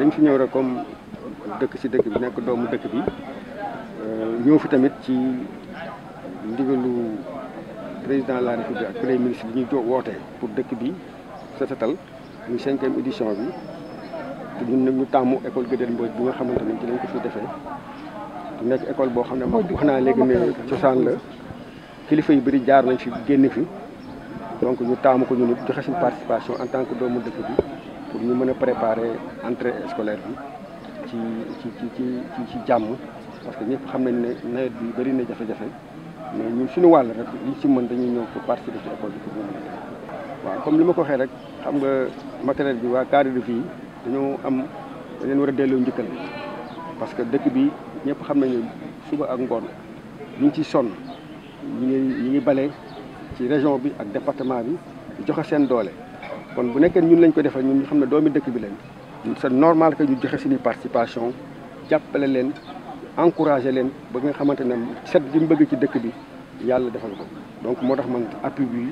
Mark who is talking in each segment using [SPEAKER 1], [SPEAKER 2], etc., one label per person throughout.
[SPEAKER 1] dañ fi ñëw rek comme dëkk si dëkk bi nekk doomu dëkk bi euh, ñëw fi tamit ci ndigalu président la république ak premier ministre bi ñu jo wootee pour dëkk bi sa setal muy cinquième édition bi te ñun nag ñu tàmmu école Gëdël Mbodj bi nga xamante ne ci lañ ko fi defee nekk école boo xam ne moom wax naa léegi ne cosaan la kilifa yu bëri jaar nañ fi génn fi donc ñu taamu ko ñu nit joxe suñu participation en tant que doomu dëkk bi pour ñu mën a préparer entrée scolaire bi ci ci ci ci ci jàmm parce que ñëpp xam nañ ne nawet bi bëri na jafe-jafe mais ñun suñu wàll rek liñ ci mën dañuy ñëw pour participer ci école waaw comme li ma ko waxee rek xam nga matériel bi waa cadre de vie dañoo am dañ war a delloo njëkkal parce que dëkk bi ñëpp xam nañu suba ak ngoon ñu ngi ciy sonn ñu ngi ñu ngi bale ci région bi ak département bi joxe seen doole. kon bu nekkee ñun lañ ko defal ñun ñu xam ne doomi dëkk bi lañ c'est normal que ñu joxe suñuy participation jàppale leen encouragé leen ba nga xamante ne set bi mu bëgg ci dëkk bi yàlla defal ko donc moo tax man appui bi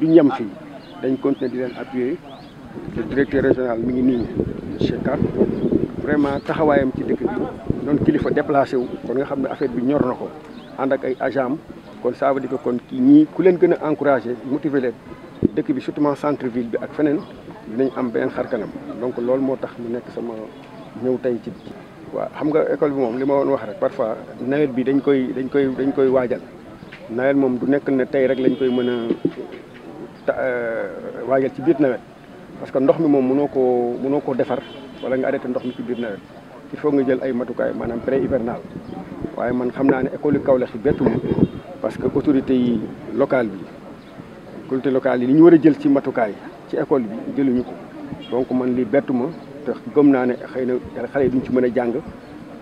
[SPEAKER 1] du ñam fii dañ continuer di leen appuyer le directeur régional mi ngi nii Cheikh Kane vraiment taxawaayam ci dëkk bi noonu kilifa déplacé wu kon nga xam ne affaire bi ñor na ko ànd ak ay agent kon ça veut dire que kon kii ñii ku leen gën a encouragé motiver leen dëkk bi surtout centre ville bi ak feneen dinañ am benn xar kanam donc loolu moo tax mu nekk sama ñëw tey ci. waaw xam nga école bi moom li ma woon wax rek parfois nawet bi dañ koy dañ koy dañ koy waajal nawet moom du nekk ne tey rek lañ koy mën a euh, waajal ci biir nawet parce que ndox mi moom ko koo noo koo defar wala nga arrêté ndox mi ci biir nawet il faut nga jël ay matukaay maanaam pré hivernal waaye man xam naa ne école yu Kaolack yi bettu ma parce que autorité locale bi. collectivités locales yi ñu war a jël ci matukaay ci école bi jëluñu ko donc man li bettu ma te gëm naa ne xëy na xale yi duñ ci mën a jàng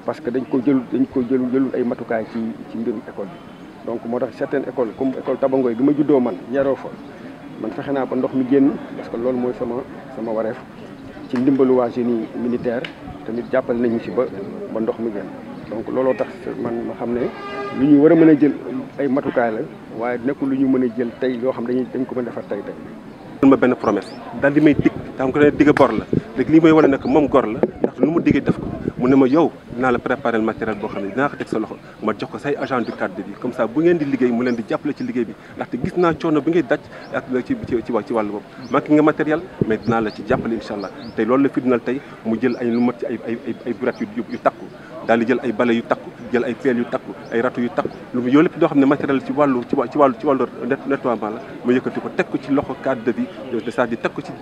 [SPEAKER 1] parce que dañ ko jël dañ ko jël jëlul ay matukaay ci ci mbirum école bi donc moo tax certaines écoles comme école Tabangoy bi ma juddoo man yaroo fa man fexe naa ba ndox mi génn parce que loolu mooy sama sama wareef ci ndimbalu waa génie militaire tamit jàppal nañu ci ba ba ndox mi génn donc looloo tax man ma xam ne lu ñu war a mën a jël ay matukaay la waaye nekkul lu ñu mën a jël tey loo xam dañuy dañ ko mën a defar tey tey.
[SPEAKER 2] doon ma benn promesse daal di may dig daa la lii may wane nag moom gor la ndax lu mu diggee def ko mu ne ma yow dinaa la préparer le boo xam ne dinaa ko sa loxo ma jox ko say agent du cadre de comme ça bu ngeen di liggéey mu leen di jàppale ci liggéey bi ndaxte gis naa coono bi ngay daj ci wàll wàllu boobu manqué nga matériel mais dinaa la ci jàppale incha allah tey loolu la firndal tey mu jël ay lu mat ci ay ay ay burettes yu takku daal di jël ay bale yu takku jël ay peel yu takku ay ratu yu tak lu yo lepp do xam matériel ci walu ci walu ci wàllu nettoiement la ma yëkkati ko tek ko ci loxo cadre de vie c'est-à-dire teg ko ci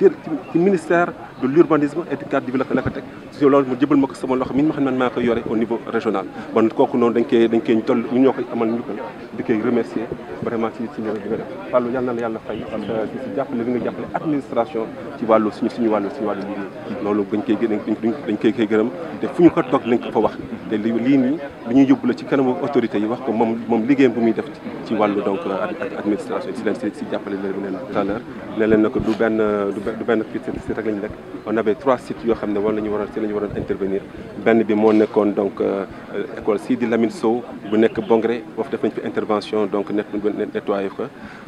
[SPEAKER 2] ci ministère de l'urbanisme et du cadre de vie la ko tek ci lolu mu jëbël mako sama loxo min ma xam ne maa koy au niveau régional bon koku non dañ koy dañ koy toll ñu ñoo amal ñu ko di koy remercier vraiment ci ci ñëw bi nga def wàllu yàlla na yalla yàlla fay si ci jappalé nga jappalé administration ci walu suñu suñu wàllu suñu wàllu liggéey loolu dañ koy dañ koy gërëm te fu ñu ko toog lañ ko fa wax te lii nii lu ñuy yóbbu la ci kanamu autorité yi wax ko moom moom liggéeyam bu muy def ci wàllu donc euh, administration ci leen ci jappalé jàppale leen mu leen tout à l'heure ne leen na du ben du ben fii site rek lañu ñu on avait trois sites yo xamné ne war nañu waroon si la intervenir ben bi mo nekkoon donc euh, école Sidi Lamine Sow bu nekk Bongré foofu def nañ fi intervention donc nettoyé ko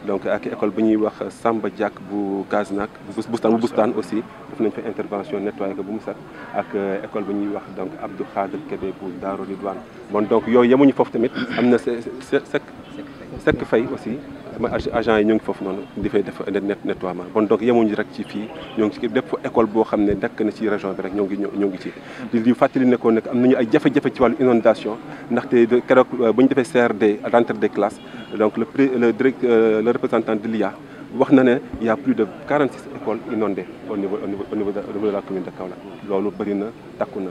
[SPEAKER 2] donc ak école bu ñuy wax Samba Diak bu Kaznak bu Bustaan bu Bustaan aussi def nañ fi intervention nettoyé ko bu mu set ak euh, école bu ñuy wax donc Abdou Khadir Kebe bu Darou Ridwaan bon donc yooyu yamuñu foofu tamit amna c'est sekk fay aussi ma agent yi ñoo ngi foofu noonu fay def nettoiement bon donc yemuñu rek ci fii ñu ngi ci bépp école boo xam ne dakk na ci région bi rek ñu ngi ñu ngi ci di di fàttali ne ko nag am nañu ay jafe-jafe ci wàllu inondation ndaxte keroog euh, bu ñu defee CRD à l'entrée des classes donc le le direct euh, le représentant de l'IA wax na ne il y a plus de 46 écoles inondées au niveau au niveau de la commune de Kaolack loolu bëri na takku na